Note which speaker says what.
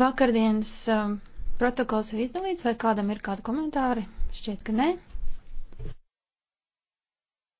Speaker 1: Vakardienas um, protokols ir izdalīts, vai kādam ir kādi komentāri? Šķiet, ka nē.